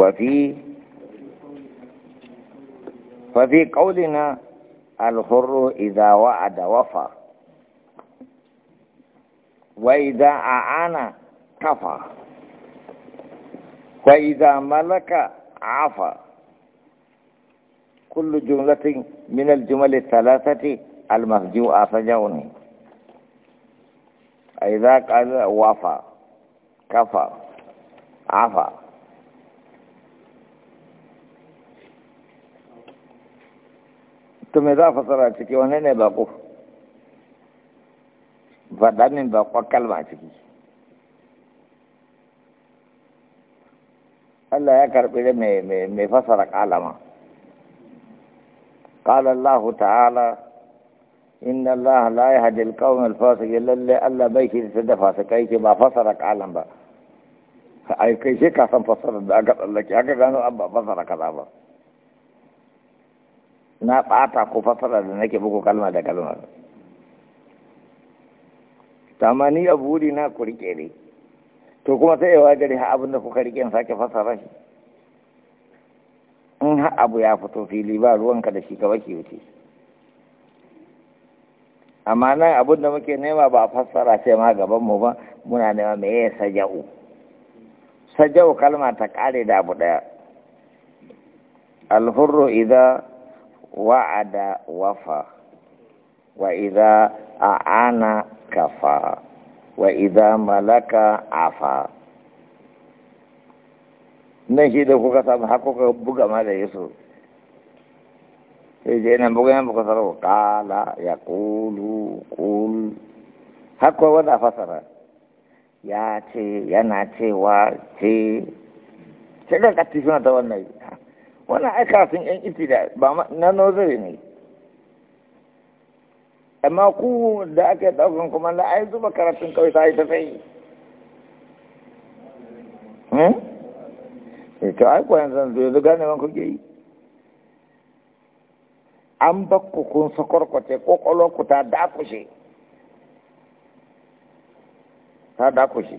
وفي ففي قولنا الحر إذا وعد وفى وإذا أعان كفى وإذا ملك عفى كل جملة من الجمل الثلاثة المهجوء فجوني إذا قال وفى كفى عفى to me za a fasara ciki wane ne bako faɗa min bakon kalma ciki Allah ya karɓi da mai fasara kalama ƙala Allah ta'ala inna Allah la ya hajjil kawon alfasiki lalle Allah bai da dafa kai ke ba fasara kalam ba a kai shi ka san fasarar da aka tsallake aka gano an ba fasara kaza ba na ɓata ko fasara da nake buku kalma da kalma ma ni a buri na ku rike ne to kuma sai yawa gari ha abinda kuka rike sake fasara shi in ha abu ya fito fili ba ruwanka da shi ka baki wuce amma nan abinda muke nema ba fassara sai ma gaban mu ba muna nema me ya saja'u saja'u kalma ta kare da abu daya alhurru idza wa'ada wafa wa idza a'ana kafa wa idza malaka afa nan shi da kuka samu har kuka buga ma da yaso sai je nan buga yan buka sarau kala ya kulu kul har wanda fasara ya ce yana cewa ce sai da katifin ta wannan wannan ai kafin iti da ba na nozari ne amma ku da aka yi daukan kuma na ai zuba karatun kawai ta yi ta sai hmm? eh, to ai ko yanzu zo yanzu gane man kuke yi an bakku kun sakwarkwate kokolwarku ta dakushe ta dakushe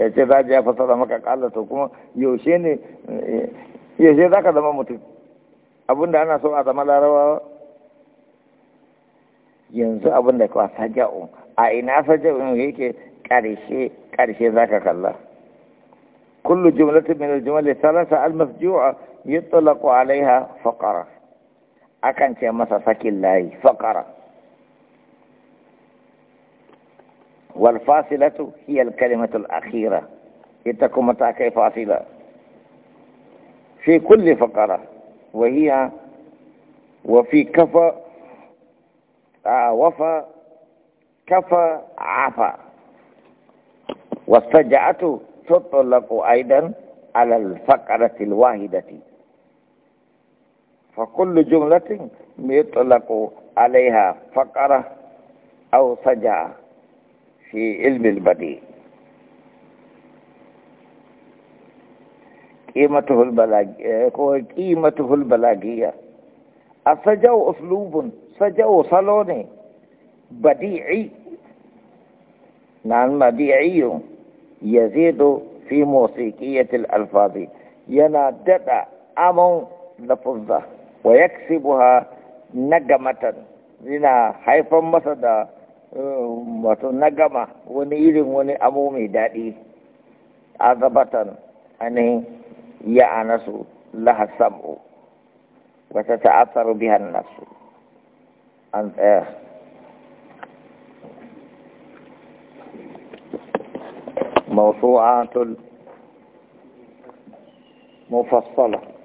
sai ce za ji ya fasara maka kala to kuma yaushe ne eh, yaushe za ka zama mutum abinda ana so a zama larabawa yanzu abinda kawai saja'un a ina saja'un yake ƙarshe ƙarshe za ka kalla kullu jumlatin min al-jumal thalatha al-mafju'a yutlaqu 'alayha akan ce masa sakin layi faqara wal fasilatu hiyar kalimatul akhira ita kuma ta kai fasila في كل فقرة وهي وفي كفى آه، وفى كفى عفى والسجعة تطلق أيضا على الفقرة الواحدة فكل جملة يطلق عليها فقرة أو سجعة في علم البديع ƙimatuhul eh, balagiya ko qimatuhul balagiyya uslubun sajau salo ne badi'i nan ya yazidu fi musiqiyatil alfazi yana dada amon lafuzza wa na gamatan zina haifan masa da eh, wato gama wani irin wani amo mai daɗi A azabatan ainihin يأنس لها السمع وتتأثر بها النفس أنت إيه موسوعات مفصلة